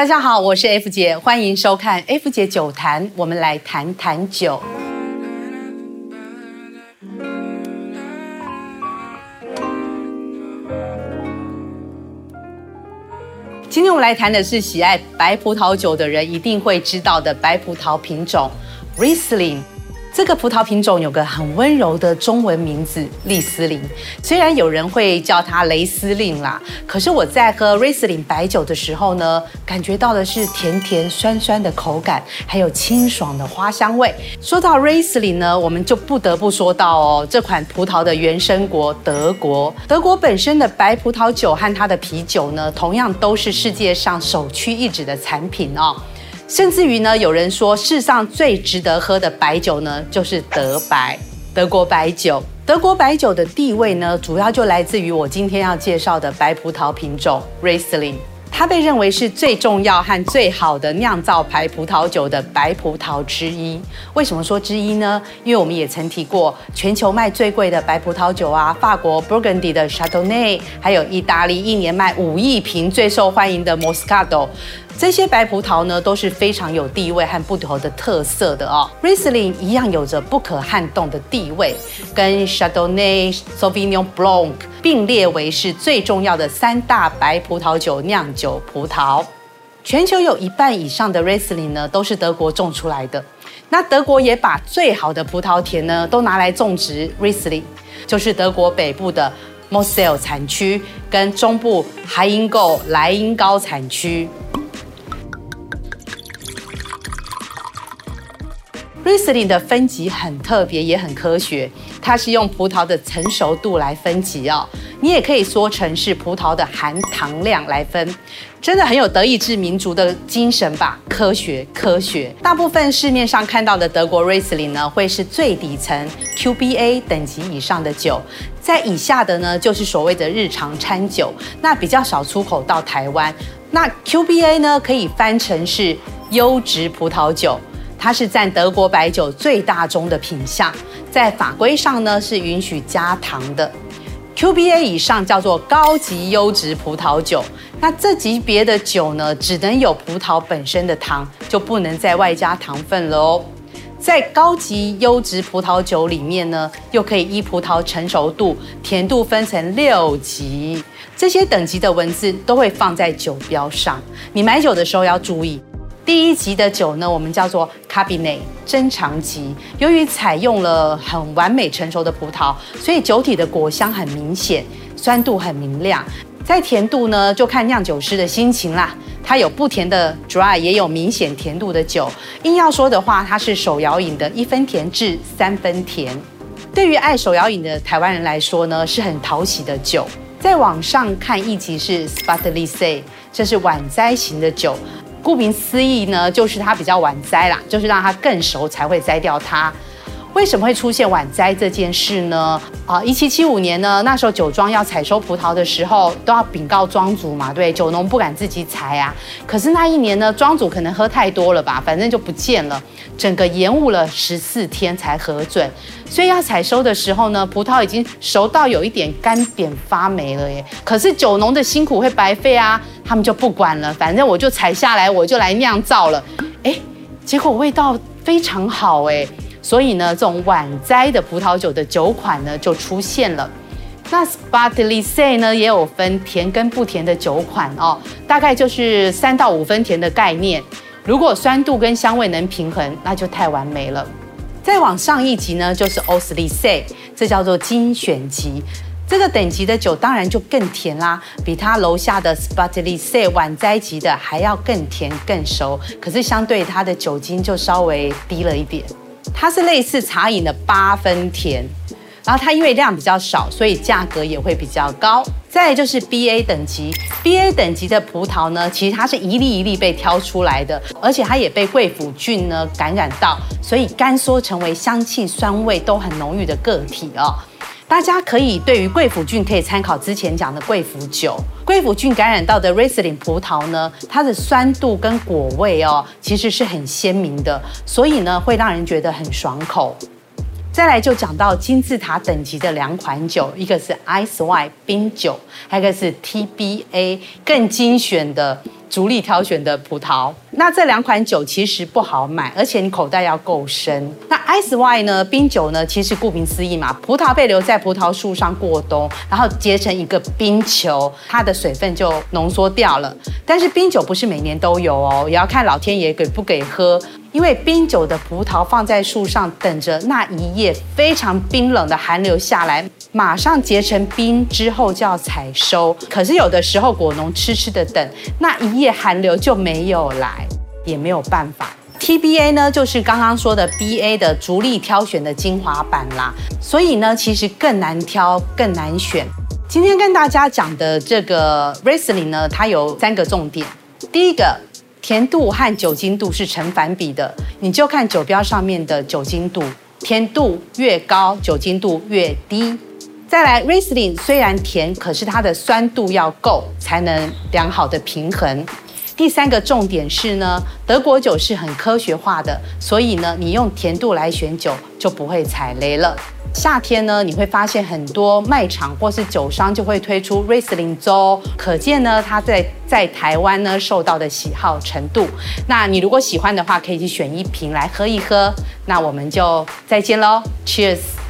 大家好，我是 F 姐，歡迎收看 F 姐酒罈。我們來談談酒。今天我們來談的是喜愛白葡萄酒的人一定會知道的白葡萄品種 ——Riesling。這個葡萄品種有個很溫柔的中文名字——麗絲玲。雖然有人會叫它雷司令啦，可是我在喝麗絲玲白酒的時候呢，感覺到的是甜甜酸酸的口感，還有清爽的花香味。說到麗絲玲呢，我們就不得不說到哦，這款葡萄的原生國德國。德國本身的白葡萄酒和它的啤酒呢，同樣都是世界上首屈一指的產品哦。甚至於呢，有人說世上最值得喝的白酒呢，就是德白德國白酒。德國白酒的地位呢，主要就來自於我今天要介紹的白葡萄品種 Riesling。它被認為是最重要和最好的釀造白葡萄酒的白葡萄之一。為什麼說之一呢？因為我們也曾提過，全球賣最貴的白葡萄酒啊，法國 Burgundy 的 Chardonnay，還有意大利一年賣五億瓶最受歡迎的 Moscato。這些白葡萄呢，都是非常有地位和不同的特色的哦。Riesling 一樣有着不可撼動的地位，跟 Chardonnay、Sauvignon Blanc 並列為是最重要的三大白葡萄酒釀酒葡萄。全球有一半以上的 Riesling 呢，都是德國種出來的。那德國也把最好的葡萄田呢，都拿來種植 Riesling，就是德國北部的 Moselle 産區跟中部海茵高萊茵高產區。Riesling 的分級很特別，也很科學。它是用葡萄的成熟度來分級哦，你也可以說成是葡萄的含糖量來分。真的很有德意志民族的精神吧？科學，科學。大部分市面上看到的德國 Riesling 呢，會是最底層 QBA 等級以上的酒，在以下的呢，就是所謂的日常餐酒。那比較少出口到台灣。那 QBA 呢，可以翻成是優質葡萄酒。它是佔德國白酒最大宗的品項，在法規上呢是允許加糖的。QBA 以上叫做高級優質葡萄酒，那這級別的酒呢，只能有葡萄本身的糖，就不能再外加糖分了哦。在高級優質葡萄酒裡面呢，又可以依葡萄成熟度、甜度分成六級，這些等級的文字都會放在酒標上，你買酒的時候要注意。第一級的酒呢，我們叫做 Kabinett，珍藏級。由於採用了很完美成熟的葡萄，所以酒體的果香很明顯，酸度很明亮。在甜度呢，就看釀酒師的心情啦。它有不甜的 Dry，也有明顯甜度的酒。硬要說的話，它是手搖飲的一分甜至三分甜。對於愛手搖飲的台灣人來說呢，是很討喜的酒。再往上看一級是 Spätlese，這是晚摘型的酒。顧名思義呢，就是它比較晚摘啦，就是讓它更熟才會摘掉它。為什麼會出現晚摘這件事呢？啊、呃，一七七五年呢，那時候酒莊要採收葡萄的時候，都要稟告莊主嘛，對，酒農不敢自己採啊。可是那一年呢，莊主可能喝太多了吧，反正就不見了，整個延誤了十四天才核准，所以要採收的時候呢，葡萄已經熟到有一點乾癟發霉了耶。可是酒農的辛苦會白費啊。他們就不管了，反正我就踩下來，我就來釀造了。哎，結果味道非常好誒，所以呢，這種晚摘的葡萄酒的酒款呢，就出現了。那 Spätlese 呢也有分甜跟不甜的酒款哦，大概就是三到五分甜的概念。如果酸度跟香味能平衡，那就太完美了。再往上一級呢，就是 Auslese，這叫做精選級。這個等級的酒當然就更甜啦，比它樓下的 Spatlese 晚摘級的還要更甜更熟，可是相對它的酒精就稍微低了一點。它是類似茶飲的八分甜，然後它因為量比較少，所以價格也會比較高。再來就是 B A 等級，B A 等級的葡萄呢，其實它是一粒一粒被挑出來的，而且它也被貴腐菌呢感染到，所以乾縮成為香氣酸味都很濃郁的個體哦。大家可以對於貴腐菌可以參考之前講的貴腐酒，貴腐菌感染到的雷司令葡萄呢，它的酸度跟果味哦，其實是很鮮明的，所以呢會讓人覺得很爽口。再來就講到金字塔等級的兩款酒，一個是 Eiswein 冰酒，還有一個是 TBA 更精選的。逐粒挑選的葡萄，那這兩款酒其實不好買，而且你口袋要夠深。那 ice wine 呢？冰酒呢？其實顧名思義嘛，葡萄被留在葡萄樹上過冬，然後結成一個冰球，它的水分就濃縮掉了。但是冰酒不是每年都有哦，也要看老天爺給不給喝。因為冰酒的葡萄放在樹上等着那一夜非常冰冷的寒流下來，馬上結成冰之後就要採收。可是有的時候果農痴痴的等，那一夜寒流就沒有來，也沒有辦法。TBA 呢，就是剛剛說的 BA 的逐粒挑選的精華版啦。所以呢，其實更難挑，更難選。今天跟大家講的這個 Riesling 呢，它有三個重點。第一個。甜度和酒精度是成反比的，你就看酒標上面的酒精度，甜度越高，酒精度越低。再來，Riesling 雖然甜，可是它的酸度要夠，才能良好的平衡。第三個重點是呢，德國酒是很科學化的，所以呢，你用甜度來選酒就不會踩雷了。夏天呢，你會發現很多賣場或是酒商就會推出麗絲玲酒，可見呢，它在在台灣呢受到的喜好程度。那你如果喜歡的話，可以去選一瓶來喝一喝。那我們就再見嘍，Cheers。